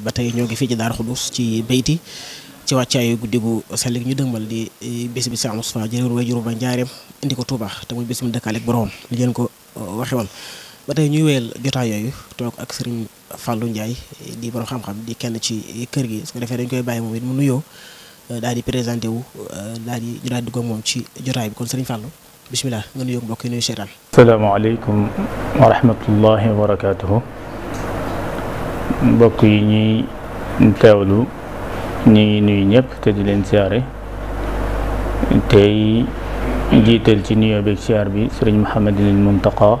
ba tey ñoo ngi fii ci Daaru Xuddus ci Beyti ci wàccaayu guddi gu sell gi ñu dëgmal di eh, bis bi Cheikh Moustapha jëlewoon way juru ba njaareem indi ko Touba te muy bis mu dëkkaaleeg boroom li ngeen ko eh, waxe woon ba ñuy wéyal jotaay yooyu toog ak Serigne Fallou Ndiaye eh, di borom xam-xam di kenn ci kër gi su ko defee dañ koy bàyyi moom it mu nuyoo daal di présenté wu daal di ñu daal moom ci jotaay bi kon Serigne Fallou bisimilah nga nuyoo mbokk yi nuyu seetaan. asalaamaaleykum wa rahmatullahi wa barakaatuhu. mbokk yi ñuy teewlu ñu nuyu ñëpp te di leen siyaare tey jiital ci nuyoo beeg siyaar bi sëriñ Muhammadinil Muntaqa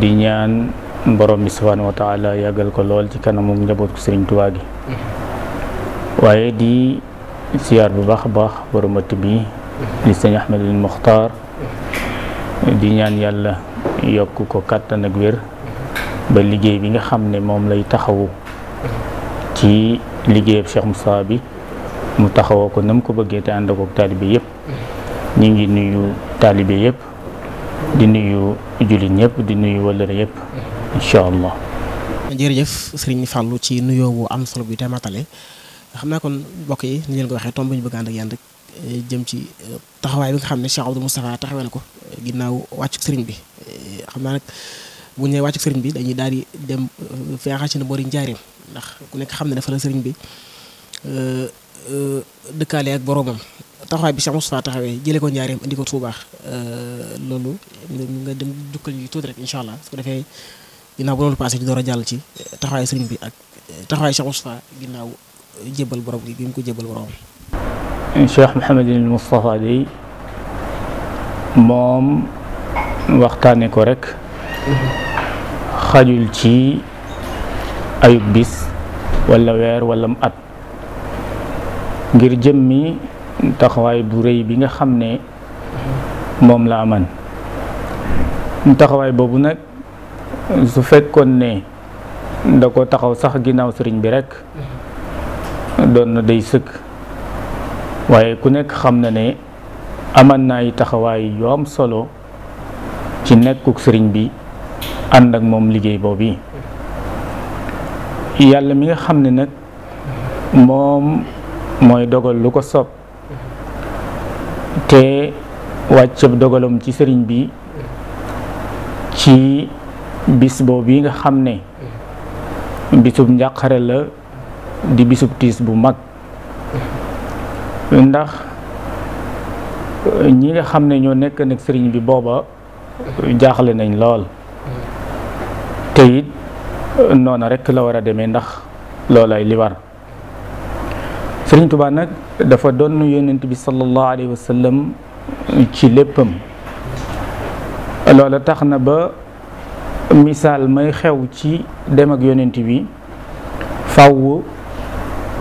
di ñaan borom bi subhaanahu wa yàggal ko lool ci kanamu njaboot ko sëriñ Tuubaa gi waaye di siyaar bu baax a baax borom bi bi di sëñ Ahmadul Muxtaar di ñaan yàlla yokk ko kàttan ak ba liggéey bi nga xam ne moom lay taxawu ci liggéeyab Cheikh Moustapha bi mu taxawoo ko nam ko bëggee te ànd akook taalibe yëpp ñu ngi nuyu taalibe yëpp di nuyu jullit ñëpp di nuyu wëllëre yëpp incha allah jërëjëf sëriñ Fallou ci nuyoo bu am solo bi te matale xam naa kon mbokk yi ni leen ko waxee tomb ñu bëgg ànd ak yéen eh, jëm ci eh, taxawaay bi nga xam ne Cheikh Abdou Moustapha taxawee na ko eh, ginnaaw wàccu sëriñ bi xam naa nag bu ñëwee wàccu sëriñ bi dañuy daal di dem euh, fi nga xam ne boori njaareem ndax ku nekk xam ne dafa la sëriñ bi euh, euh, dëkkaale ak boroomam taxawaay bi Cheikh Moustapha taxawee jëlee ko njaareem indi ko Touba loolu nga dem jukkal ñu tuuti rek incha allah su ko defee ginnaaw bu loolu passé ñu door a jàll ci taxawaayu sëriñ bi ak taxawaayu Cheikh Moustapha ginnaaw jébbal borom gi bi mu ko jébbal borom. Cheikh Mouhamadul Moustapha day moom waxtaane ko rek. Mm-hmm. xajul ci ayub bis walla weer walla mu at ngir jëmmi taxawaay bu rëy bi nga xam ne moom laa man taxawaay boobu nag su fekkoon ne da ko taxaw sax ginnaaw sëriñ bi rekk doon na day sëkk waaye ku nekk xam na ne aman na ay taxawaay yu solo ci nekkuk sëriñ bi ànd ak moom liggéey boobu yi yàlla mi nga xam ne nag moom mooy dogal lu ko sob te wàccab dogalam ci sëriñ bi ci bis boobu yi nga xam ne bisub njàqare la di bisub tiis bu mag ndax ñi nga xam ne ñoo nekk nag sëriñ bi booba jaaxle nañ lool te it euh, noona rekk la war a demee ndax loolay li war Sëriñ Tuubaa nag dafa doon yonent bi sallallahu alayhi wa sallam ci léppam loola tax na ba misaal may xew ci dem ak yonent bi fàww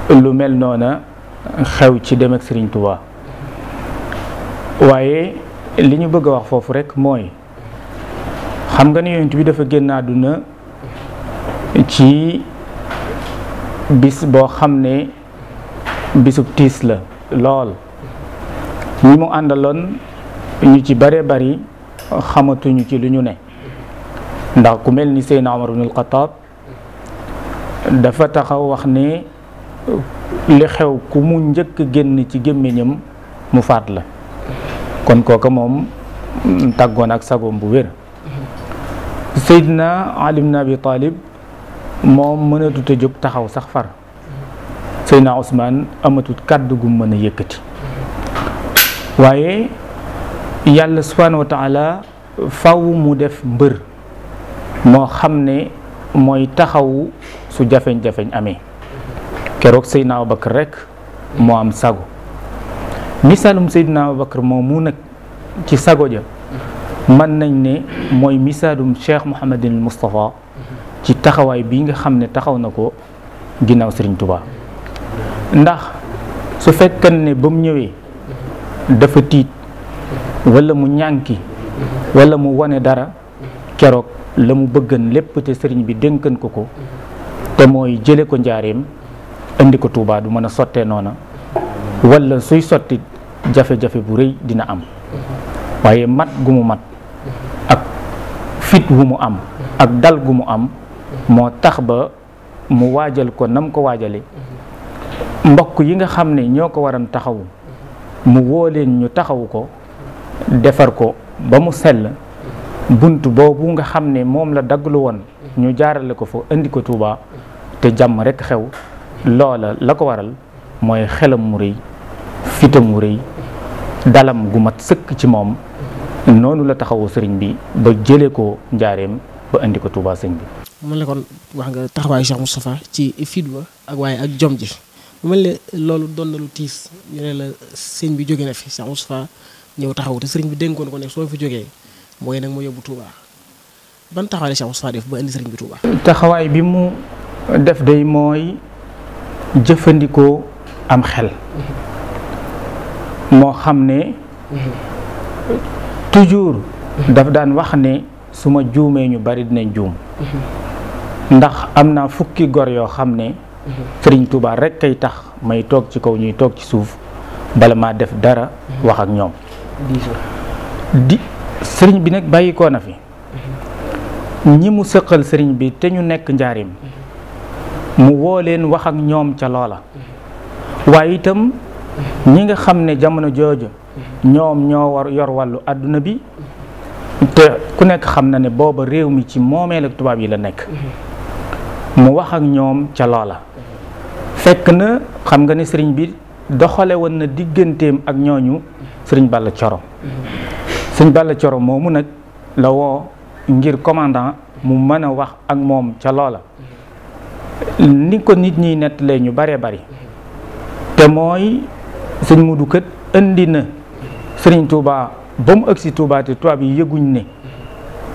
lu mel noona xew ci dem ak Sëriñ waaye li ñu bëgg a wax foofu rekk mooy xam nga ne yonent bi dafa génn àdduna ci bis boo xam ne bisub tiis la lool ñi mu àndaloon ñu ci bare bari xamatuñu ci lu ñu ne ndax ku mel ni Seydina Omar ibn al-Khattab dafa taxaw wax ne li xew ku mu njëkk génn ci gémmiñam mu faat la kon kooka moom tàggoon ak sagoom bu wér Seydina Ali ibn Abi Talib moom mënatut a jóg taxaw sax far Seydina Ousmane amatut kàddu gu mën yëkkati waaye yàlla subhaanahu wa taala faw mu def mbër moo xam ne mooy taxaw su jafeñ-jafeñ amee keroog Seydina Abubakar rek moo am sago misaalum Seydina Abubakar moom mu nag ci sago ja mën nañ ne mooy misaadum Cheikh Mouhamadinil Moustapha ci taxawaay bi nga xam ne taxaw na ko ginnaaw sëriñ Touba ndax su fekkan ne ba mu ñëwee dafa tiit wala mu ñànki wala mu wane dara keroog la mu bëggan lépp te sëriñ bi dënkan ko ko te mooy jële ko njaareem indi ko Touba du mën a sottee noona wala suy sotti jafe-jafe bu rëy dina am waaye mat gu mu mat fit wu mu am ak dal gu mu am moo tax ba mu waajal ko nam ko waajalee mbokk yi nga xam ne ñoo ko waran taxawu mu woo leen ñu taxawu ko defar ko ba mu sell bunt boobu nga xam ne moom la dagglu woon ñu jaarale ko fa indi ko Tuuba te jàmm rekk xew loola la ko waral mooy xelam mu rëy fitam mu rëy dalam gu ma sëkk ci moom noonu la taxawoo sëriñ bi ba jëlee ko njaareem ba indi ko Touba sëñ bi. mu ne kon wax nga taxawaayu Cheikh Moustapha ci wa ak waaye ak jom ji mu mel ne loolu doon lu tiis ñu ne la sëñ bi jóge na fi Cheikh Moustapha ñëw taxaw te sëriñ bi dénkoon ko ne soo fi jógee mooy nag moo yóbbu Touba ban taxawaay la Cheikh Moustapha def ba indi sëriñ bi Touba. taxawaay bi mu def day mooy jëfandikoo am xel. Mhm. moo xam ne. Mhm. toujours dafa daan wax ne su ma juumee ñu bari dinañ juum ndax am naa fukki gor yoo xam ne sëriñ Tuubaa rek kay tax may toog ci kaw ñuy toog ci suuf bala ma def dara wax ak ñoom di sëriñ bi nag bàyyikoo na fi ñi mu sëqal sëriñ bi te ñu nekk njaarim mu woo leen wax ak ñoom ca loola waaye itam ñi nga xam ne jamono jooju ñoom ñoo war yor wàllu àdduna bi te ku nekk xam na ne booba réew mi ci moomeel la tubaab yi la nekk mu wax ak ñoom ca loola fekk na xam nga ni sëriñ bi doxale woon na digganteem ak ñooñu sëriñ Balla Coro sëriñ Balla Coro moomu nag la woo ngir commandant mu mën a wax ak moom ca loola ni ko nit ñiy nettalee ñu bare bari te mooy sëñ Mudu kët indi na sëriñ Touba ba mu ëgsi Touba te tubaab yi yëguñ ne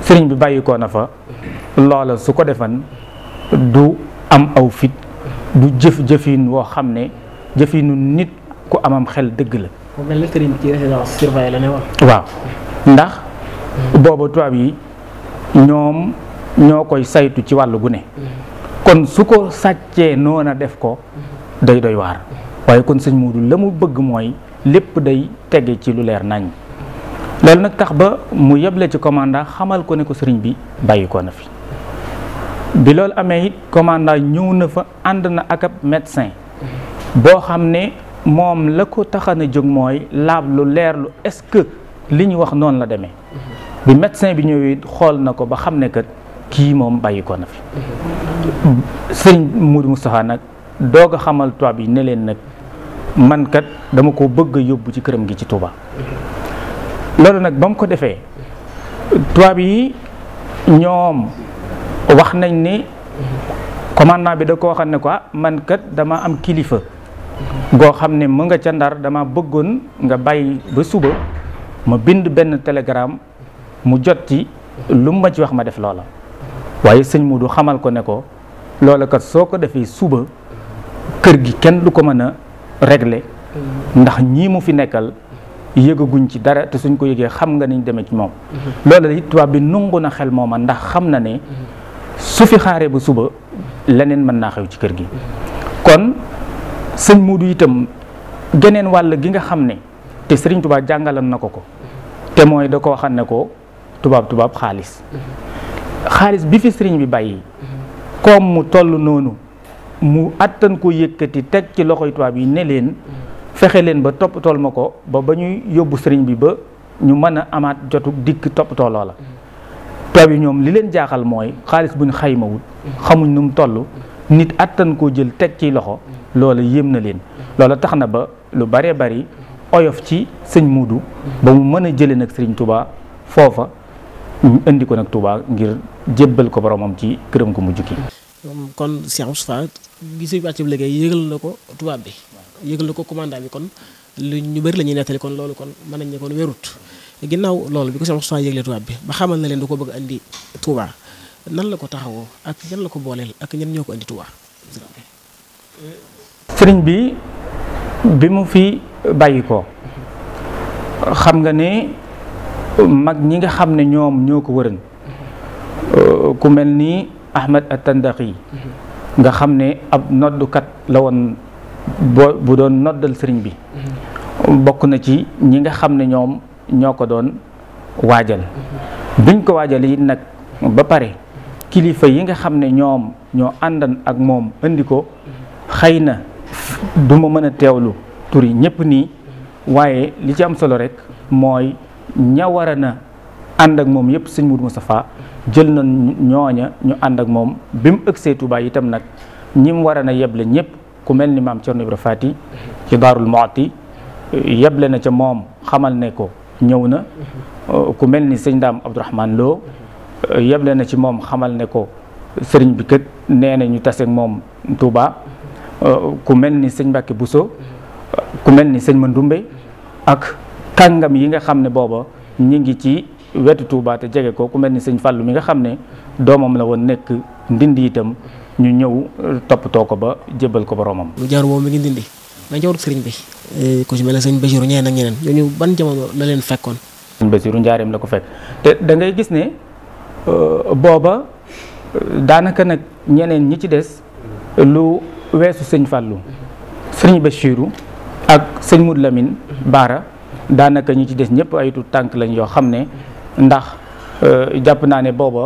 sëriñ bi bàyyikoo na fa loola su ko defan du am aw fit du jëf jëfin woo xam ne jëfinu nit ku amam xel dëgg la. mel na sëriñ waaw ndax booba tubaab yi ñoom ñoo koy saytu ci wàll gu ne. kon su ko sàccee noona def ko day doy waar waaye kon sëñ Moodu la mu bëgg mooy. lépp day tege ci lu leer nañ loolu nag tax ba mu yeble ci commandant xamal ko ne ko sëriñ bi bàyyi na fi bi loolu amee it commandant ñëw na fa ànd na ak ab médecin boo xam ne moom la ko taxana jóg mooy laab lu leer lu est-ce que li ñu wax noonu la demee bi médecin bi ñëwee xool na ko ba xam ne kat kii moom bàyyi ko na fi sëriñ Mourou Moustapha nag doog a xamal tubaab yi ne leen nag. mankat dama ko bëgg a yóbbu ci këram gi ci Touba loolu nag ba mu ko defee tubaab yi ñoom wax nañ ni commandement bi da ko xam ne quoi ah, man kat dama am kilifa goo xam ne mu nga ca ndar dama bëggoon nga bàyyi ba suba ma bind benn télégramme mu jot ci lu mu ma ci wax ma def loola waaye sëñ Modou xamal ko ne ko loola kat soo ko defee suba kër gi kenn du ko mën a régler mm-hmm. ndax ñii mu fi nekkal yégaguñ ci dara te suñ ko yëgee xam nga niñ deme ci moom mm-hmm. loolu it tubaab bi nungu na xel mooma ndax xam na ne mm-hmm. su fi xaaree ba suba leneen mën naa xew ci kër gi kon sëñ Muudu itam geneen wàll gi nga xam ne te sëriñ tubaab jàngalan na ko ko te mooy da koo xam ne ko tubaab tubaab xaalis xaalis bi fi sëriñ bi bàyyi comme mu toll noonu mu attan ko yëkkati teg ci loxoy tubaab yi ne leen fexe leen ba toppatool ma ko ba ba ñuy yóbbu sëriñ bi ba ñu mën a amaat jotug dikk toppatoo la tubaab yi ñoom li leen jaaxal mooy xaalis bu buñ xaymawul xamuñ nu mu toll nit attan koo jël teg ci loxo loola yéem na leen loola tax na ba lu bare bari oyof ci sëñ muudu ba mu mën a jëlee nag sëriñ tubaa foofa ñu indi ko nag tubaa ngir jébbal ko boromam ci këram ko mu jukki gisee wàcc bi liggéey yëgal na ko tubaab bi yëgal na ko commandant bi kon lu ñu bari la ñuy nettali kon loolu kon mën nañ ne kon wérut ginnaaw loolu bi ko Cheikh Moustapha yëgle tubaab bi ba xamal na leen da ko bëgg andi Touba nan la ko taxawoo ak ñan la ko booleel ak ñan ñoo ko andi Touba bi bi mu fi bàyyi ko xam nga ne mag ñi nga xam ne ñoom ñoo ko wëran ku mel ni Ahmad at-Tandaki nga xam ne ab noddukat la woon bu doon noddal sëriñ bi mm-hmm. bokk na ci ñi nga xam ne ñoom ñoo ko doon waajal mm-hmm. biñ ko waajal yi nag ba pare kilifa yi nga xam ne ñoom ñoo àndan ak moom indi ko mm-hmm. xëy na du ma mën a teewlu tur yi ñëpp nii waaye li ci am solo rek mooy ña na ànd ak moom yëpp sëñ Mourou Moustapha jël na ñooña ñu ànd ak moom bi mu ëgsee Touba itam nag ñi mu war na yeble ñëpp ku mel ni maam Thierno Ibra Fati ci Daarul Muhti yeble na ca moom xamal ne ko ñëw na ku mel ni sëñ Daam Abdourahman yeble na ci moom xamal ne ko sëriñ bi kët nee ñu taseeg moom Touba ku mel ni sëñ Mbàkke Bousso ku mel ni sëñ Mandumbe ak kàngam yi nga xam ne booba ñi ngi ci wetu Touba te jege ko ku mel ni sëñ Fallou mi nga xam ne doomam la woon nekk ndind itam ñu ñëw euh, toppatoo ko ba jébbal ko boromam. lu jaar mi ngi ndindi mais jaww sëriñ bi. Eh, ku ci sëñ Bachirou ñeneen ak ñeneen ban jamono la leen fekkoon. sëñ Bachirou njaareem la ko fekk te da ngay gis ne euh, booba euh, daanaka nag ñeneen ñi ci des lu weesu sëñ Fallou sëñ Bachirou ak sëñ Moudou Lamine Baara daanaka ñi ci des ñëpp ay tànk lañ yoo xam ne ndax euh, jàpp naa ne booba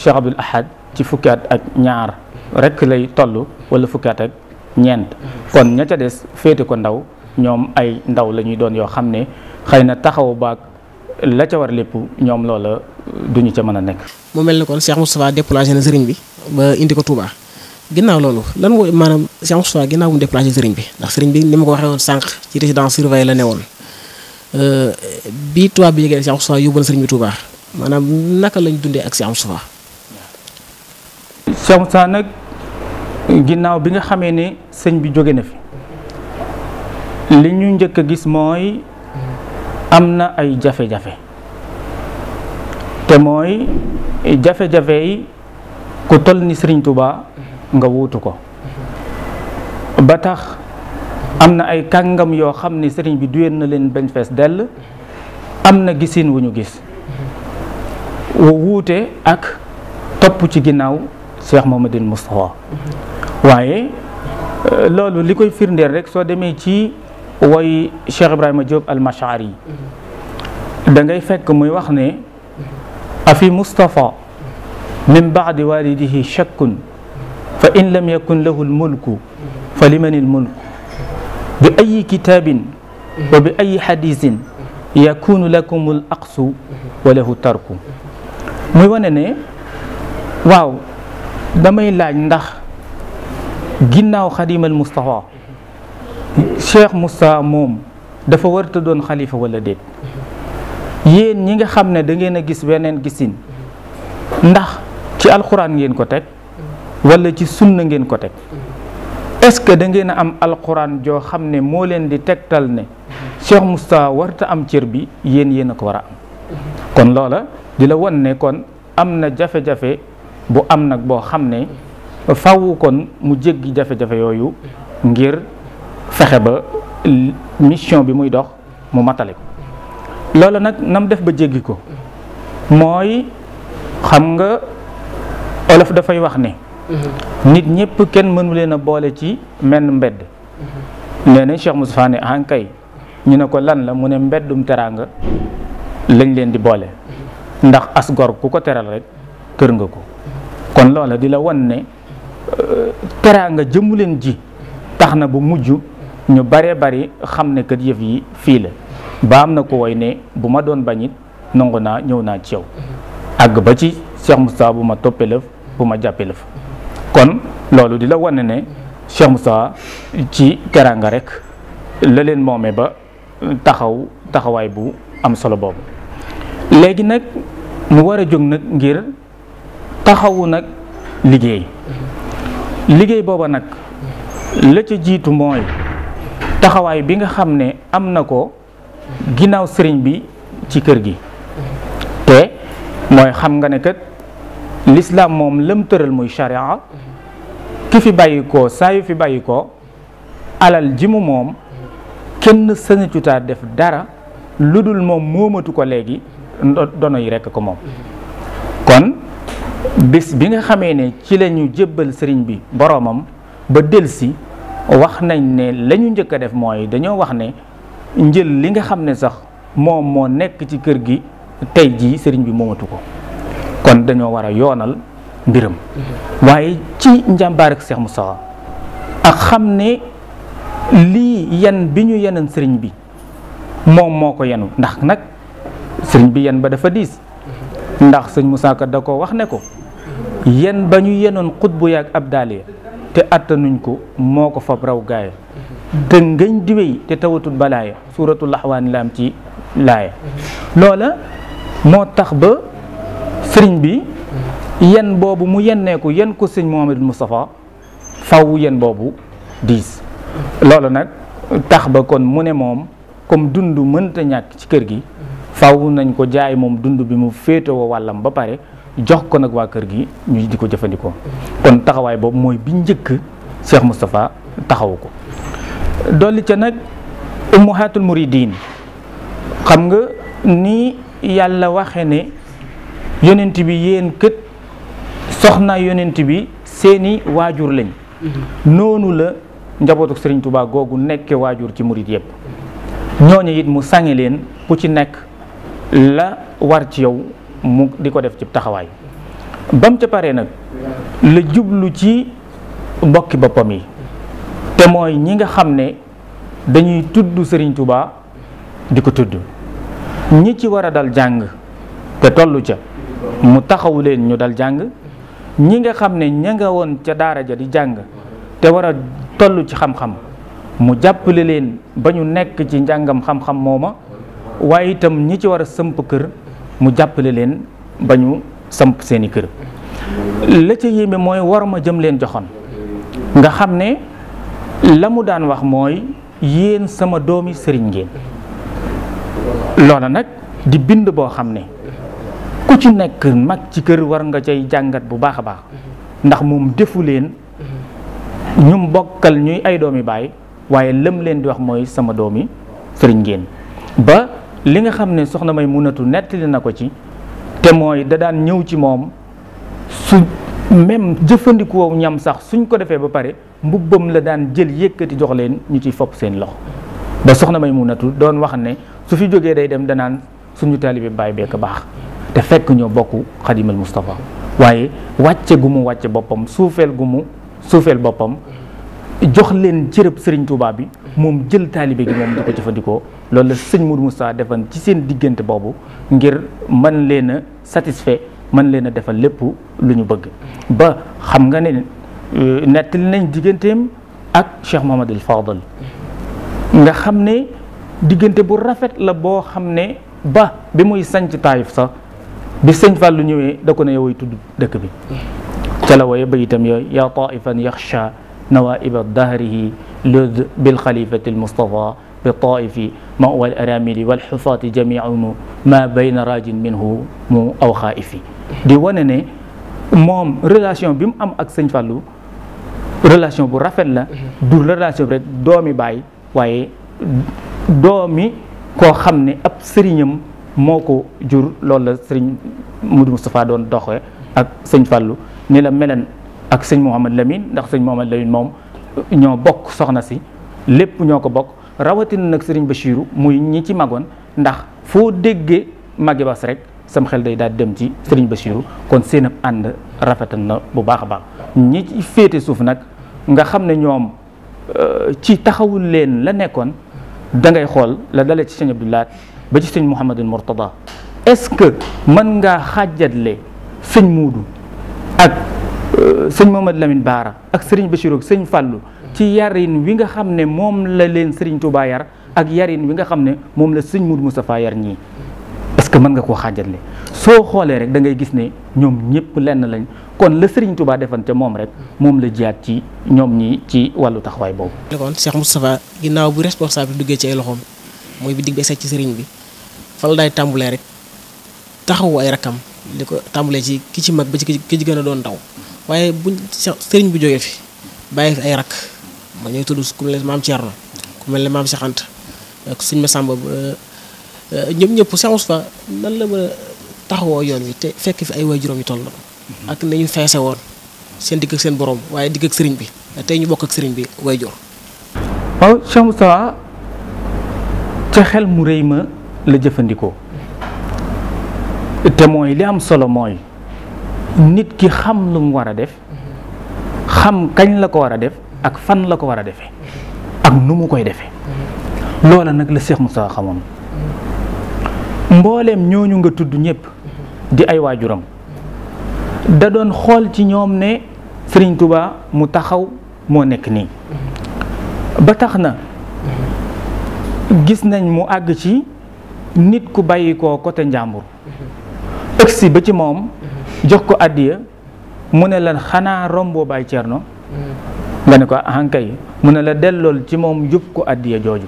Cheikh Abdoul Ahad ci fukki at ak ñaar rekk lay toll wala fukki at ak ñeent kon ña ca des féete ko ndaw ñoom ay ndaw la ñuy doon yoo xam ne xëy na taxaw baag la ca war lépp ñoom loola ñu ca mën a nekk. mu mel ni kon Cheikh Moustapha déplacé na sëriñ bi ba indi ko Touba ginnaaw loolu lan mooy maanaam Cheikh Moustapha ginnaaw bu mu sëriñ bi ndax sëriñ bi ni ma ko waxee woon ci résidence surveillée la newoon. Euh, bi tubaab bi yëgee ak Cheikh Moustapha yóbbu na sëriñ bi Touba maanaam naka lañu dundee ak Cheikh Moustapha. Cheikh Moustapha nag ginnaaw bi nga xamee ne sëñ bi jóge na fi li ñu njëkk a gis mooy am na ay jafe-jafe te mooy jafe-jafe yi ku toll ni sëriñ Touba nga wuutu ko ba tax. am na ay kàngam yoo xam ni sëriñ bi duyeen na leen bañ fees dell am na gisin wu ñu gis wu wuute ak topp ci ginnaaw Cheikh Mouhamadoul Moustapha waaye euh, loolu li koy firndeel rek soo demee ci way Cheikh Ibrahima Diop al-Mashari yi fekk muy wax ne afi Moustapha min baadi walidihi shakkun fa in lam yakun lahu l mulku fa liman l mulku bi ayi kitaabin wa bi ay xadiisin yakunu lakumul aqsu wa lahu tarku mu wane ne waaw damay laaj ndax ginnaaw xadima Moustapha Cheikh Moustapha moom dafa warta doon xalifa wala déet yéen ñi nga xam ne da ngeen a gis weneen gisin ndax ci alxuraan ngeen ko teg wala ci sunna ngeen ko teg est-ce que da ngeen am alquran joo xam ne moo leen di tegtal ne Cheikh Moustapha warta am cër bi yéen yéen a ko war a am kon loola di la wan ne kon am na jafe-jafe bu am nag boo xam ne faw kon mu jéggi jafe-jafe yooyu ngir fexe ba mission bi muy dox mu matale ko loola nag nam def ba jéggi ko mooy xam nga olof dafay wax ne nit ñëpp kenn mënu leen a boole ci menn mbedd nee na Cheikh Moustapha ne ankay ñu ne ko lan la mu ne mbeddum teraanga lañ leen di boole ndax asgor ku ko teral rek kër nga ko kon loola di la wan ne euh, teraanga jëmmu leen ji tax na bu mujj ñu bare bari xam ne kat yëf yi fii la ba am na ko woy ne bu ma doon bañit nangu naa ñëw naa ci yow àgg ba ci Cheikh Moustapha bu ma toppee lëf bu ma jàppee lëf kon loolu di la wane ne Cheikh Moustapha ci teraanga rekk la leen moome ba taxaw taxawaay bu am solo boobu léegi nag mu war a jóg nag ngir taxawu nag liggéey liggéey booba nag la ca jiitu mooy taxawaay bi nga xam ne am na ko ginnaaw sëriñ bi ci kër gi te mooy xam nga ne kat lislaam moom lam tëral muy sharia ki fi bàyyi ko saa yu fi bàyyi ko alal ji mu moom kenn sañatutaa def dara lu dul moom moomatu ko léegi dono yi rekk a ko moom kon bis bi nga xamee ne ci la ñu jébbal sëriñ bi boroomam ba delsi wax nañ ne lañu ñu njëkk a def mooy dañoo wax ne njël li nga xam ne sax moom moo nekk ci kër gi tey ji sëriñ bi moomatu ko kon dañoo war a yoonal mbiram waaye ci njàmbaar ak Cheikh Moussa ak xam ne lii yenn bi ñu yenan sëriñ bi moom moo ko yenu ndax nag sëriñ bi yan ba dafa diis ndax sëñ Moussa Ka da ko wax ne ko yenn ba ñu yenoon bu yàgg ab daale te attanuñ ko moo ko fab raw gaaya te ngañ diwey te tawatul balaaya suuratul laxwaani laam ci laaya loola moo tax ba sëriñ bi yen boobu mu yenneeku yen ko sëñ Mouhamadou Moustapha faw yen boobu diis loolu nag tax ba kon mu ne moom comme dund mënta ñàkk ci kër gi faw nañ ko jaay moom dund bi mu féetewoo wàllam ba pare jox ko nag waa kër gi ñu di ko jëfandikoo kon taxawaay boobu mooy bi njëkk Cheikh Moustapha taxawu ko dolli ca nag ummahatul muridin xam nga ni yàlla waxe ne yonent bi yéen kët soxna yonent bi seeni waajur lañ mhm. noonu la njabootu sëriñ tubaa googu nekke waajur ci murit yépp ñooñu it mu sàngi leen ku ci nekk la war ci yow mu di ko def ci taxawaay bam ca paree nag la jublu ci mbokki boppam yi te mooy ñi nga xam ne dañuy tudd sëriñ Touba di ko tudd ñi ci war a dal jàng te tollu ca mu taxawu leen ñu dal jàng ñi nga xam ne ña nga woon ca daara ja di jàng te war a toll ci xam-xam mu jàppale leen ba ñu nekk ci njàngam xam-xam mooma waaye itam ñi ci war a sëmp kër mu jàppale leen ba ñu samp seeni kër la ca yéeme mooy war jëm leen joxoon nga xam ne la mu daan wax mooy yéen sama doomi sëriñ ngeen loola nag di bind boo xam ne ku ci nekk mag ci kër war nga cay jàngat bu baax a baax ndax moom defu leen ñum bokkal ñuy ay doomi baay waaye lëm leen di wax mooy sama doomi sëriñ ngeen ba li nga xam ne soxna may munatu nettali na ko ci te mooy da daan ñëw ci moom su même jëfandikoo ñam sax suñ ko defee ba pare mbubbam la daan jël yëkkati jox leen ñu ciy fopp seen loxo ba soxna may munatu doon wax ne su fi jógee day dem danaan suñu taalibe baay bekk baax te fekk ñoo bokk xadimal Moustapha waaye wàcce gu mu wàcce boppam suufeel gu mu suufeel boppam jox leen cërëb sëriñ tubaab bi moom jël taalibe gi moom di ko jëfandikoo loolu sëñ sëñ Mourou saa defan ci seen diggante boobu ngir man leen a satisfait man leen a defal lépp lu ñu bëgg ba xam nga ne euh, nettali nañ digganteem ak Cheikh Mohammed El Fadal nga xam ne diggante bu rafet la boo xam ne ba bi muy sanc Taïf sax bi sëñ Fàllu ñëwee da ko ne tudd dëkk bi ca la wooye bayitam yooyu yaa taifan yaxsha nawaiba dahrihi lud almustafa bi taifi ma wal aramili walxufaati jamiumu ma bayna rajin minhu mu aw xaaifi di wane moom relation bi am ak sëñ Fàllu relation bu rafet la du relation bi doomi bay waaye doomi koo xam ne ab sëriñam moo ko jur loolu la sëriñ Mudu Moustapha doon doxee ak sëñ Fallu ni la melen ak sëñ Mouhamad lamin ndax sëñ Mouhamad Lamine moom ñoo bokk soxna si lépp ñoo ko bokk rawatin nag sëriñ Bachiru muy ñi ci magoon ndax foo déggee magi bas rek sam xel day daal dem ci sëriñ Bachiru kon seen ànd rafetal na bu baax a baax ñi ci féete suuf nag nga xam ne ñoom euh, ci taxawul leen la nekkoon da ngay xool la dale ci sëñ Abdou Lahat ba ci sëñ Mouhamadul Mourtada est-ce que mën ngaa xàjjatle sëñ Muudu ak euh, sëñ Mohamed Lamine Baara ak sëriñ Bachirou sëñ Fallou ci yarin wi nga xam ne moom la leen sëriñ Touba yar ak yarin wi nga xam ne moom la sëñ Muudu Moustapha yar ñii est que mën nga koo xàjjatle soo xoolee rek da gis ne ñoom ñëpp lenn lañ kon la sëriñ Touba defan ca moom rek moom la jiyaat ci ñoom ñi ci wàllu taxawaay boobu. kon Cheikh Moustapha ginnaaw bu responsable duggee ci ay loxoom mooy bi digg ci sëriñ bi. fa la daay tàmbulee rek taxawu ay rakam li ko tàmbulee ci ki ci mag ba ci ki ci gën a doon ndaw waaye buñ sëriñ bu jógee fi bàyyi fi ay rak ma ñooy tuddu ku mel ne maam Thierno ku mel ne maam Cheikh Anta ak suñ ma sàmba eh, ñoom ñëpp sequs fa nan la mën taxawoo yoon wi te fekk fi ay waajuram yu toll ak nañu feese woon seen dikk ak seen borom waaye digg ak sëriñ bi tey ñu bokk ak sëriñ bi waajur waaw Cheikh Moustapha ca xel mu rëy ma la jëfandikoo te mooy li am solo mooy nit ki xam lu mu war a def xam kañ la ko war a def ak fan la ko war a defee ak nu mu koy defee loola nag la Cheikh Moussa xamoon mbooleem ñooñu nga tudd ñëpp di ay waajuram da doon xool ci ñoom ne Serigne mu taxaw moo nekk nii ba tax na gis nañ mu àgg ci nit ku bàyyi ko côté njàmbur ëgsi ba ci moom jox ko àddiya mu ne la xanaa romboo baay cerno nga ne ko hankay mu ne la dellool ci moom yóbbu ko àddiya jooju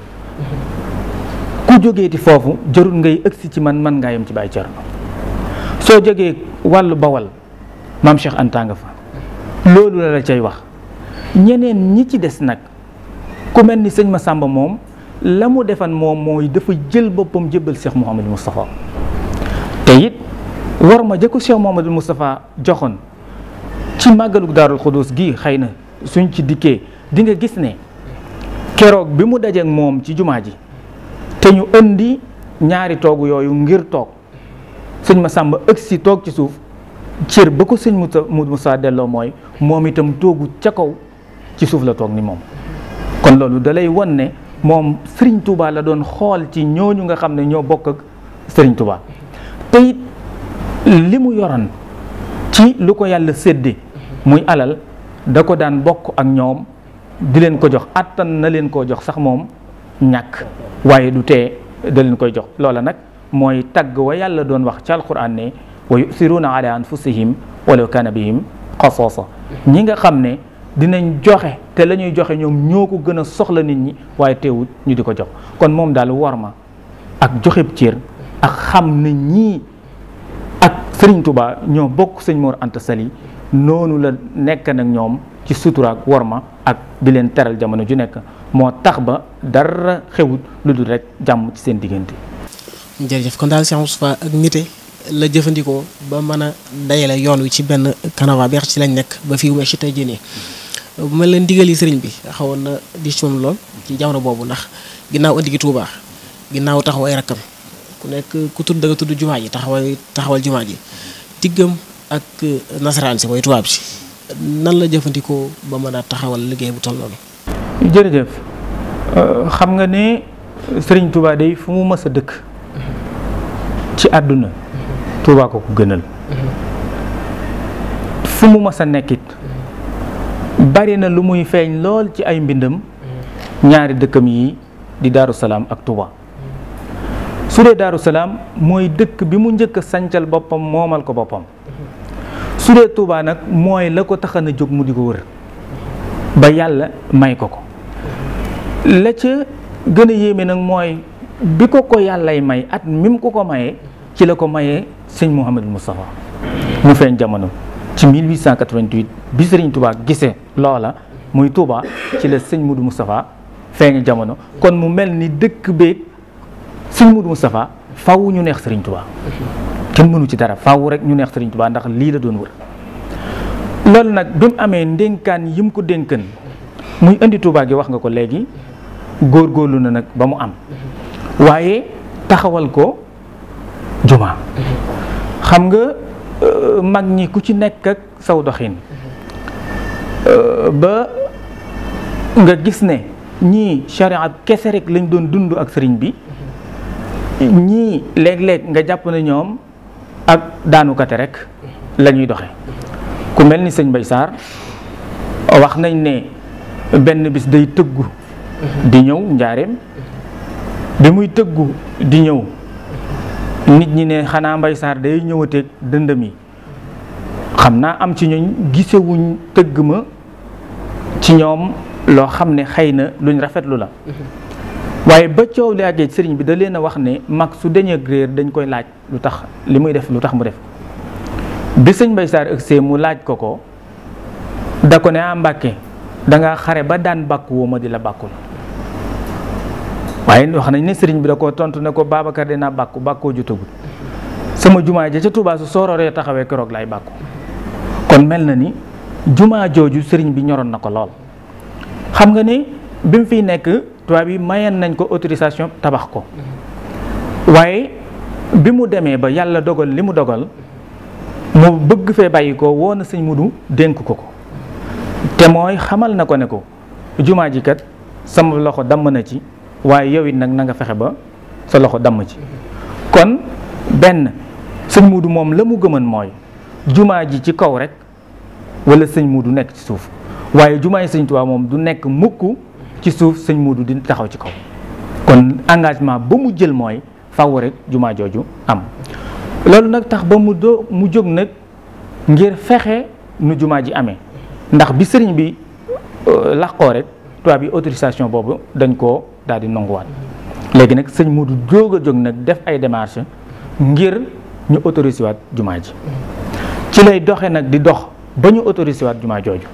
ku jógeeti foofu jërul ngay ëgsi ci man man ngaa yem ci baay cerno soo jógee wàllu bawal maam Cheikh Anta nga fa loolu la la cay wax ñeneen ñi ci des nag ku mel ni sëñ Masamba moom la mu defan moom mooy dafa jël boppam jébbal Cheikh Mouhamadou Moustapha te it war ma jëkko Cheikh Mouhamadou Moustapha joxoon ci màggalug daarul xudus gi xëy na suñ ci dikkee dinga gis ne keroog bi mu dajeek moom ci jumaa ji te ñu indi ñaari toog yooyu ngir toog sëñ ma sàmba ëgsi toog ci suuf cër ba ko sëñ Mouhamadou Moustapha delloo mooy moom itam toogu ca kaw ci suuf la toog ni moom kon loolu dalay wan ne moom Serigne Touba la doon xool ci ñooñu nga xam ne ñoo bokk ak Serigne Touba te li mu yoroon ci lu ko yàlla sédde muy alal da ko daan bokk ak ñoom di leen ko jox attan na leen koo jox sax moom ñàkk waaye du tee da leen koy jox loola nag mooy tagg wa yàlla doon wax ci alquran ne wa yusiruuna ala anfusihim walaw kaana bihim xasaasa ñi nga xam ne dinañ joxe te la ñuy joxe ñoom ñoo ko gën a soxla nit ñi waaye teewut ñu di ko jox kon moom daal war ma ak joxeb cër ak xam nañ ñii ak Serigne Touba ñoo bokk sëñ Mor Anta Sali noonu la nekk nag ñoom ci suturaak war ma ak di leen teral jamono ju nekk moo tax ba dara xewut lu dul rek jàmm ci seen diggante. jërëjëf kon daal Cheikh Moustapha ak nite la jëfandikoo ba mën a dayale yoon wi ci benn kanava bi ci lañ nekk ba fii weesu tey jii bu mel ne ndigal yi sëriñ bi xawoon na di ci moom lool ci jamono boobu ndax ginnaaw andi gi Touba ginnaaw taxaw ay rakkam ku nekk ku tudd da tudd jumaa ji taxawal taxawal jumaa ji diggam ak nasaraan si mooy tubaab si nan la jëfandikoo ba mën a taxawal liggéey bu toll noonu. jërëjëf euh, xam nga ne sëriñ Touba day fu mu mës a dëkk ci àdduna Touba ko ko gënal mhm. fu mu mës nekkit bari na lu muy feeñ lool ci ay mbindam ñaari dëkkam yi di Daaru Salaam ak Touba su dee Daaru Salaam mooy dëkk bi mu njëkk a sancal boppam moomal ko boppam su dee Touba nag mooy la ko taxan jóg mu di ko wër ba yàlla may ko ko la ca gën yéeme nag mooy bi ko ko yàllay may at mim ko ko mayee ci la ko maye sëñ Mouhamadou Moustapha mu feeñ jamono ci 1888 bi Serigne Touba gisee loola muy Touba ci la sëñ Moudou Moustapha feeñ jamono kon mu mel ni dëkk beeg sëñ Moudou Moustapha faw ñu neex Serigne Touba kenn mënu ci dara faw rek ñu neex Serigne Touba ndax lii la doon wër loolu nag bi mu amee ndénkaan yi mu ko dénkan muy indi Touba gi wax nga ko léegi góor góorlu na nag ba mu am waaye taxawal ko jumaa xam nga Euh, mag ñi ku ci nekk ak saw doxin euh, ba nga gis ne ñii charia kese rek lañ doon dund ak sëriñ bi ñii léeg-léeg nga jàpp ne ñoom ak daanukate rek lañuy ñuy doxe ku mel ni sëñ Bay Saar wax nañ ne benn bis day tëggu di ñëw njaareem bi muy tëggu di ñëw nit ñi ne xanaa Mbaye Sarr day ñëwateeg dëndëm yi xam naa am ci ñooñ gisewuñ tëgg ma ci ñoom loo xam ne xëy na luñ rafetlu la waaye ba coow li sëriñ bi da leen a wax ne mag su deñee réer dañ koy laaj lu tax li muy def lu tax mu def bi sëñ Mbaye Sarr ëgsee mu laaj ko ko da ko ne a ah, Mbàkke danga xare ba daan woo ma di la bàkkul waaye wax nañ ne sëriñ bi da koo tontu ne ko de naa bàkku bàkkoo jotagul sama jumaa ja ca Touba su soororee taxawee keroog laay bàkku kon mel na ni jumaa jooju sëriñ bi ñoroon na ko lool xam nga ne bi mu fiy nekk tubaab yi mayen nañ ko autorisation tabax ko waaye bi mu demee ba yàlla dogal li mu dogal mu bëgg fee bàyyi ko woona na sëñ du dénk ko ko te mooy xamal na ko ne ko jumaa ji kat sama loxo damm na ci waaye yow it nag nanga fexe ba sa loxo damm ci kon benn sëñ muudu moom la mu gëman mooy jumaa ji ci kaw rek wala sëñ muudu nekk ci suuf waaye jumaa yi sëñ Tuubaa moom du nekk mukk ci suuf sëñ muudu di taxaw ci kaw kon engagement ba mu jël mooy faw rek jumaa jooju am loolu nag tax ba mu do mu jóg nag ngir fexe nu jumaa ji amee ndax bi sëriñ bi euh, làqoo rek tubaab yi autorisation boobu dañ ko daal di nanguwaat léegi nag sëñ Modou jóg a jóg nag def ay démarches ngir ñu autorisé waat jumaa ji ci lay doxee nag di dox ba ñu autorisé waat jumaa jooju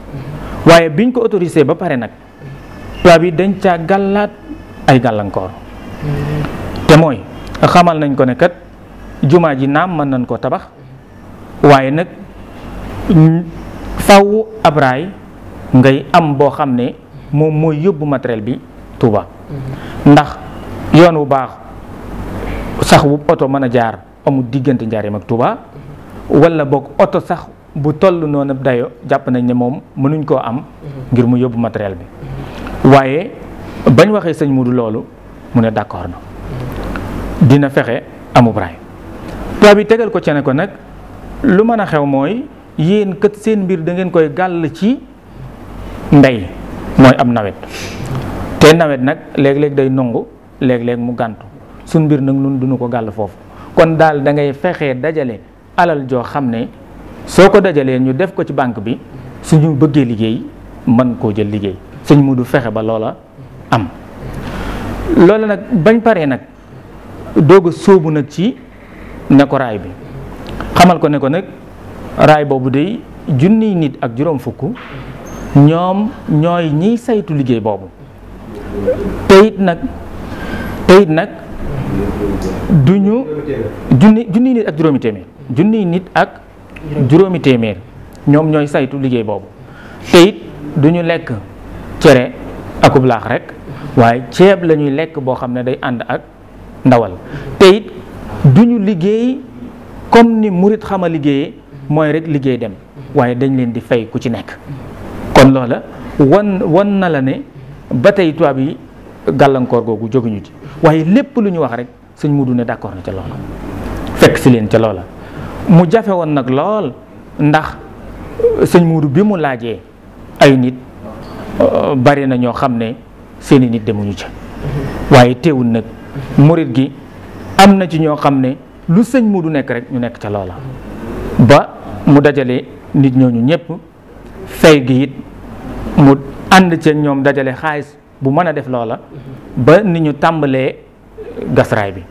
waaye biñ ko autorisé ba pare nag tubaab yi dañ caa gàllaat ay gàllankoor te mooy xamal nañ ko ne kat jumaa ji naam mën nañ ko tabax waaye nag faw abraay ngay am boo xam ne moom mooy yóbbu matériel bi Touba ndax yoon wu baax sax wu oto mën a jaar amul diggante njaareem ak Touba wala boog oto sax bu toll noonu dayo jàpp nañ ne moom mënuñ koo am ngir mu yóbbu matériel bi waaye bañ waxee sëñ Modou loolu mu ne d'accord na dina fexe amub raay paa bi tegal ko ci ne ko nag lu mën a xew mooy yéen kat seen mbir dangeen koy gàll ci mbey mooy am nawet te nawet nag léeg-léeg day nongu léeg-léeg mu gàntu suñ mbir nag nun duñu ko gàll foofu kon daal dangay ngay fexee dajale alal joo xam ne soo ko dajalee ñu def ko ci banque bi suñu bëggee liggéey mën koo jël liggéey suñ mu du fexe ba loola am loola nag bañ paree nag doog sóobu nag ci ne ko raay bi xamal ko ne ko nag raay boobu day junniy nit ak juróom fukk ñoom ñooy ñiy saytu liggéey boobu teyit nag teyit nag du ñu junni junniy nit ak juróomi téeméer junniy nit ak juróomi téeméer ñoom ñooy saytu liggéey boobu teyit du ñu lekk cere akub rek waaye ceeb lañuy lekk boo xam ne day ànd ak ndawal teyit du ñu liggéey comme ni murit xama liggéeyee mooy rek liggéey dem waaye dañ leen di fay ku ci nekk kon loola wan wan na la ne ba tey tubaab yi gàllankoor googu jóguñu ci waaye lépp lu ñu wax rek sëñ Mudu ne d'accord na ca loola fekk si leen ca loola mu jafe woon nag lool ndax sëñ Mudu bi mu laajee ay nit euh, bari na ñoo xam ne seeni nit demuñu ca waaye teewul nag murit gi am na ci ñoo xam ne lu sëñ Mudu nekk rek ñu nekk ca loola ba mu dajale nit ñooñu ñëpp fay gi it mu ànd ceeg ñoom dajale xaalis bu mën a def loola ba ni ñu tàmbalee gas raay bi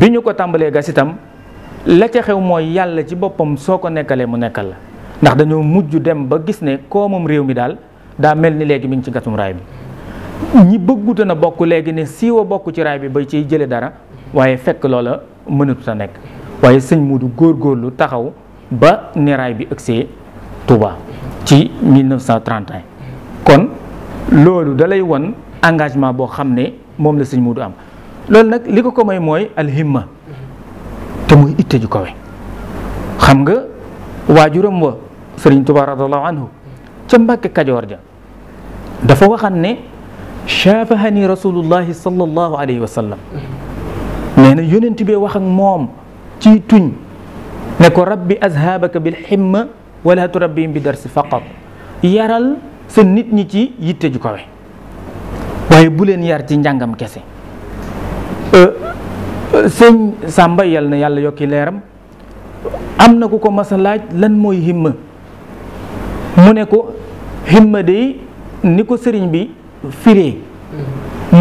bi ñu ko tàmbalee gas itam la ca xew mooy yàlla ci boppam soo ko nekkalee mu nekkal la ndax dañoo mujj dem ba gis ne koomam réew mi daal daa mel ni léegi mi ngi ci gasum raay bi ñi bëgguta na bokk léegi ne siiwa bokk ci raay bi ba ciy jële dara waaye fekk loola mënatuta nekk waaye sëñ góor góorgóorlu taxaw ba ni raay bi ëgsee Tuuba ci 1931 kon loolu dalay wan engagement boo xam ne moom la sëñ Moodu am loolu nag li ko ko may mooy alhimma te muy itte ju kawe xam nga waajuram wa sëriñ Tuubaa radiyallaahu anhu ca Mbàkke Kajoor ja dafa waxan ne shaafahani rasulullahi sallallahu alayhi wa sallam nee na yonent bi wax ak moom ci tuñ ne ko rabbi azhabaka bil himma wala turabbihim bi darsi faqat yaral sa nit ñi ci yitte ju kawe waaye bu leen yar ci njàngam kese euh, euh, sëñ Sàmba yal na yàlla yokki leeram am na ku ko mas laaj lan mooy himma mu ne ko himma de ni ko sëriñ bi firee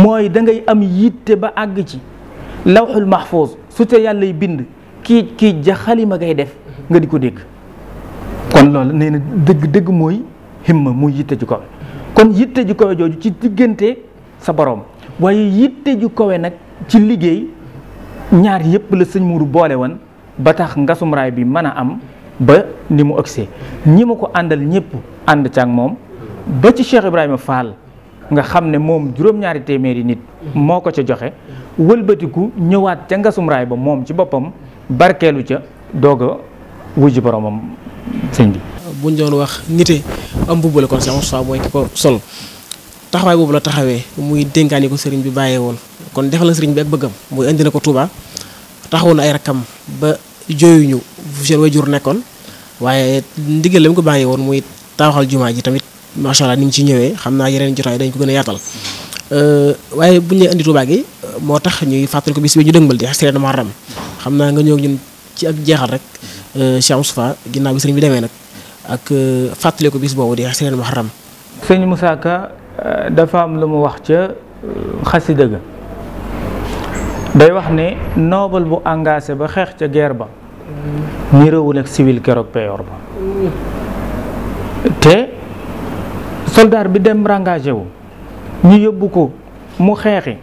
mooy da ngay am yitte ba àgg ci lawxul mahfuz su te yàllay bind kii kii ja xalima ngay def nga di ko dégg kon loolu nee na dëgg dëgg mooy himma muy yitte ju kawe kon yitte ju kawe jooju ci diggante sa borom waaye yitte ju kowe nag ci liggéey ñaar yépp la sëñ muuru boole woon ba tax ngasum raay bi mën a am ba ni mu ëgsee ñi ma ko àndal ñëpp ànd ca ak moom ba ci Cheikh Ibrahima Fall nga xam ne moom juróom-ñaari téeméeri nit moo ko ca joxe wëlbatiku ñëwaat ca ngasum raay ba moom ci boppam barkeelu ca doog a wujji boromam sëñ bi. buñ doon wax nite am mbubb la kon Cheikh soo mooy ki ko sol taxawaay boobu la taxawee muy dénkaani ko sëriñ bi bàyyee woon kon defal na sëriñ bi ak bëggam muy indi na ko Touba taxawu na ay rakkam ba jooyuñu fu seen wajur nekkoon waaye ndigal ko bàyyee woon muy tawaxal jumaa ji tamit macha ni mu ci ñëwee xam naa yeneen jotaay dañ ko gën a yaatal. Euh, waaye bu ñu nee andi Touba gi moo tax ñuy fàttali ko bis bi ñu dëngbal di xasee na Muharram xam naa nga ñëw ñun ci ak jeexal rek. Euh, Cheikh Moustapha ginnaaw bi sëriñ bi demee nag ak euh, ko bis boobu de seen muharram sëñ Moussa Ka euh, dafa am lu mu wax ca xasida ga day wax ne noobal bu engagé ba xeex ca guerre ba niroowul ak civil keroog peyoor ba te soldat bi dem rengagé wu ñu yóbbu ko mu xeexi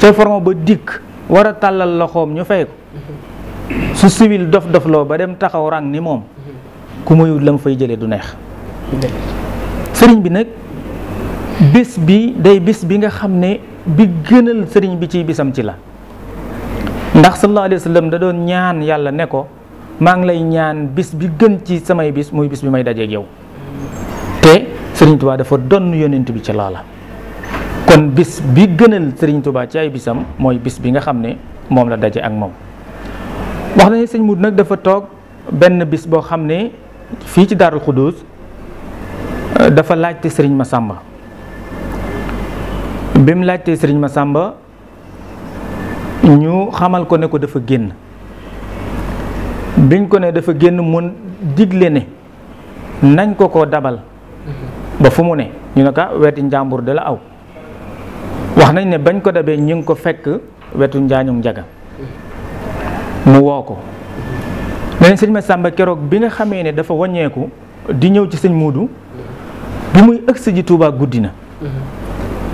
ca front ba dikk war a tàllal loxoom ñu fay ko su siwil dof dofloo ba dem taxaw rang ni moom ku muyut la mu fay jëlee du neex sëriñ bi nag bis bi day bis bi nga xam ne bi gënal sëriñ bi ci bisam ci la ndax sallallahu alayhi wa sallam da doon ñaan yàlla ne ko maa ngi lay ñaan bis bi gën ci samay bis muy bis bi may dajeeg yow te sëriñ Tuubaa dafa donn yonent bi ci loola kon bis bi gënal sëriñ tubaa ci ay bisam mooy bis bi nga xam ne moom la daje ak moom wax nañu sëñ Mourou nag dafa toog benn bis boo xam ne fii ci Darou Khoudoss euh, dafa laajte sëriñ Massamba bi mu laajtee sëriñ ma sàmba ñu xamal ko ne ko dafa génn biñ ko ne dafa génn mun digle ne nañ ko ko dabal ba fu mu ne ñu ne ko ah, weti njàmbur de la aw wax nañ ne bañ ko dabee ñu ngi ko fekk wetu njaañum njaga mu woo ko nee na sëñ Massamba keroog bi nga xamee ne dafa wàññeeku di ñëw ci sëñ Moodu bi muy ëgsi ji Touba guddi na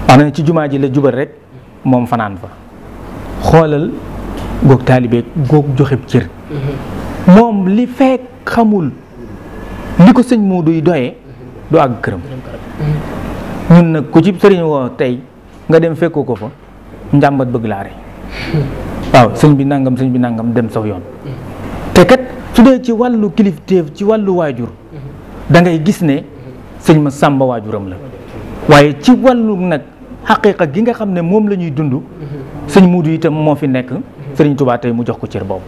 wax na ne ci jumaa ji la jubal rek moom fanaan fa xoolal goog taalibe goog joxe cër moom li fekk xamul li ko sëñ Moodu yi doyee du àgg këram ñun nag ku ci sëriñ woo tey nga dem fekku ko fa njàmbat bëgg laare waaw sëñ bi nangam sëñ bi nangam dem saw yoon te kat su dee ci wàllu kilifteef ci wàllu waajur dangay gis ne sëñ ma sàmba waajuram la waaye ci wàllu nag xaqiiqa gi nga xam ne moom la ñuy dund sëñ muudu itam moo fi nekk sëriñ tubaa mu jox ko cër boobu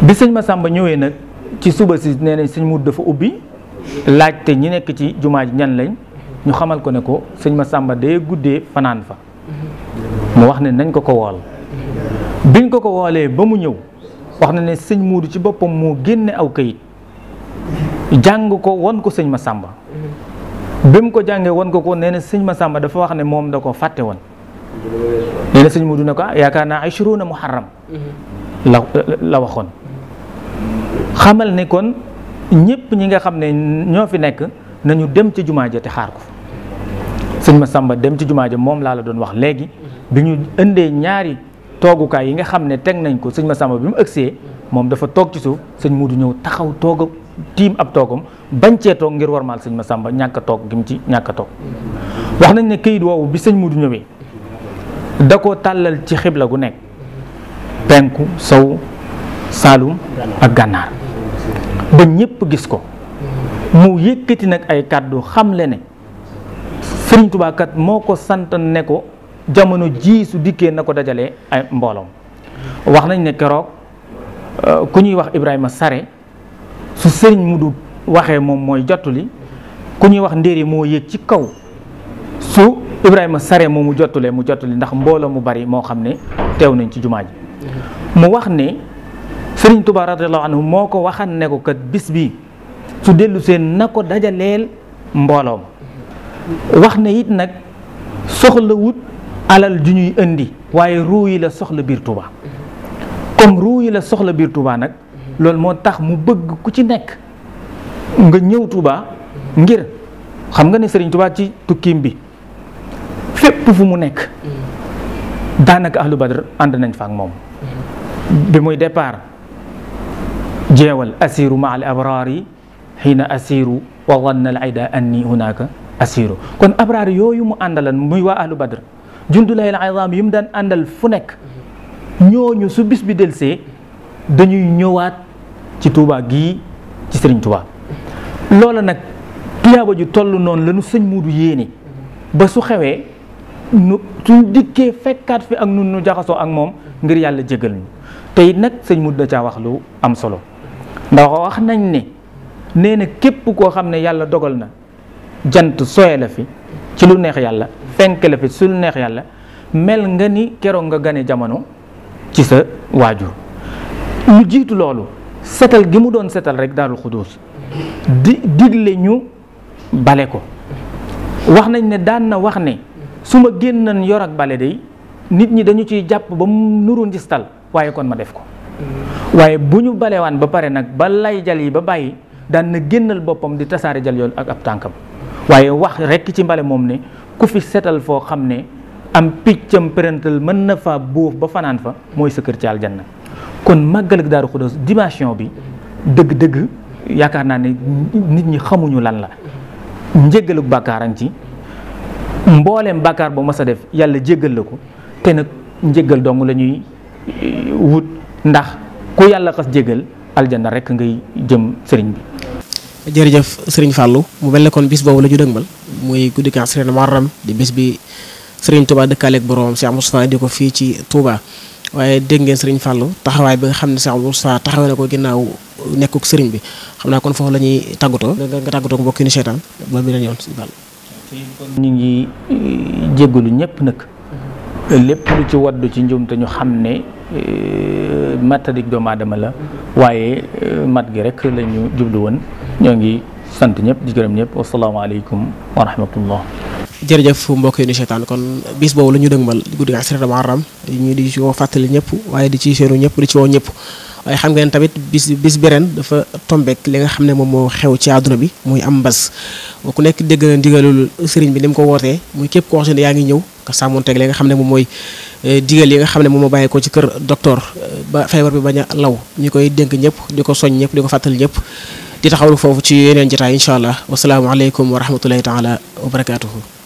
bi sëñ ma sàmba ñëwee nag ci suba si nee nañ sëñ muudu dafa ubbi laaj te ñi nekk ci jumaa ji ñan lañ ñu xamal ko ne ko sëñ ma sàmba day guddee fanaan fa mu wax ne nañ ko ko wol biñ ko ko woolee ba mu ñëw wax na ne sëñ Muudu ci boppam moo génne aw kayit jàng ko won ko sëñ Masamba bi mu ko jàngee won ko ko nee na sëñ Masamba dafa wax ne moom da ko fàtte woon sëñ Muudu ne ko ah, yaakaar naa ashruuna muharram la la waxoon xamal ne kon ñëpp ñi nga xam ne ñoo fi nekk nañu dem ci jumaa ja te xaar ko sëñ Masamba dem ci jumaa ja moom laa la doon wax léegi bi ñu indee ñaari toogukaay yi nga xam ne teg nañ ko sëñ Massamba bi mu ëgsee moom dafa toog ci suuf sëñ Muudu ñëw taxaw toog tiim ab toogam bañ cee toog ngir warmaal sëñ Massamba ñàkk a toog gim ci ñàkk toog wax nañ ne këyit woowu bi sëñ Muudu ñëwee da ko tàllal ci xibla gu nekk penku sow saalum ak gànnaar ba ñépp gis ko mu yëkkati nag ay kàddu xamle ne sëriñ Tuubaa moo ko sant ne ko jamono ji su dikkee na ko dajale ay mbooloom wax nañ ne keroog euh, ku ñuy wax Ibrahima Sare su sëriñ mu du waxee moom mooy jottuli ku ñuy wax ndéere moo yéeg ci kaw su Ibrahima Sare moom mu lee mu jottuli ndax mbooloom mu bari moo xam ne teew nañ ci jumaa ji mu wax ne sëriñ Tuubaa radiyallaahu anhu moo ko waxan ne ko kat bis bi su dellu seen na ko dajaleel mbooloom wax ne it nag soxlawut alal ju ñuy indi waaye ruu yi la soxla biir Touba comme ruu yi la soxla biir Touba nag loolu moo tax mu bëgg ku ci nekk nga ñëw Touba ngir xam nga ne Serigne Touba ci tukkiim bi fépp fu mu nekk daanaka ahlu badr ànd nañ fa ak moom bi muy départ jeewal asiru ma al abraar yi xiina asiru wa wanna al ayda anni hunaka asiru kon abraar yooyu mu àndalan muy waa ahlu badr jundulahil azam yi mu daan àndal fu nekk ñooñu su bis bi delsee dañuy ñëwaat ci tuubaa gi ci Serigne Touba loola nag tuyaaba ju toll noonu la nu sëñ Muudu yéene ba su xewee nu suñ dikkee fekkaat fi ak nun nu jaxasoo ak moom ngir yàlla jégal ñu tey nag sëñ Muudu da caa wax lu am solo ndax wax nañ ne nee na képp koo xam ne yàlla dogal na jant soye la fi ci lu neex yàlla fenk la lu neex yàlla mel nga ni keroog nga gane jamono ci sa waajur lu jiitu loolu setal gi mu doon setal rek daarul xuduus di digle ñu bale ko wax nañ ne daan na wax ne su ma génnan yor ak bale day nit ñi dañu ciy jàpp ba mu nuru njistal waaye kon ma def ko waaye bu ñu balewaan ba pare nag ba lay jal yi ba bàyyi daan na génnal boppam di tasaare jal yoon ak ab tànkam waaye wax rekk ci mbale moom ne ku fi setal foo xam ne am piccam pérantal mën na fa buuf ba fanaan fa mooy sa kër ci aljanna kon màggal ak daaru xudoos dimension bi dëgg-dëgg yaakaar naa ne nit ñi xamuñu lan la njéggaluk bàkkaar ci mbooleem bàkkaar bu mas a def yàlla jéggal la ko te nag njéggal dong la ñuy eh, wut ndax ku yàlla xas jéggal aljanna rekk ngay jëm sëriñ bi jërëjëf Serigne fàllu mu mel ne kon bis boobu la ñu dëgmal muy guddi Kazu Muharram di bis bi Serigne Touba dëkkaaleeg boroomam Cheikh Moustapha di ko fii ci Touba waaye dégg ngeen Serigne Fallou taxawaay bi nga xam ne Cheikh Moustapha taxawee na ko ginnaaw nekkuk sëriñ bi xam naa kon foofu la ñuy tàggatoo nga tàggatoo ko mbokki ni seetaan ba mi leen yoon Serigne Fallou ñu ngi eh, jéggalu ñëpp nag lépp lu ci waddu ci njum te ñu xam ne eh, matadik doomu aadama la waaye eh, mat gi rek la ñu jublu woon ñoo ngi sant ñëpp di gërëm ñëpp wasalaamaaleykum wa rahmatullah jërëjëf mbokk yi ni seetaan kon bis boobu la ñu dëgmal guddi asri Muharram ñu di ci woo fàttali ñëpp waaye di ci seenu ñëpp di ci woo ñëpp waaye xam ngeen tamit bis bis beren dafa tombeek li nga xam ne moom moo xew ci àdduna bi muy am mbas ku nekk dégg na ndigalul sëriñ bi ni mu ko wootee muy képp koo xam yaa ngi ñëw nga sàmmonteeg li nga xam ne moom mooy eh, digal yi nga xam ne moom moo bàyyi ko ci kër docteur eh, ba feebar bi bañ a law ñu koy dénk ñëpp di ko soñ ñëpp di ko fàttali ñëpp di foofu ci yeneen jotaay incha allah wasalaamualeykum wa rahmatullahi taala wa barakaatuhu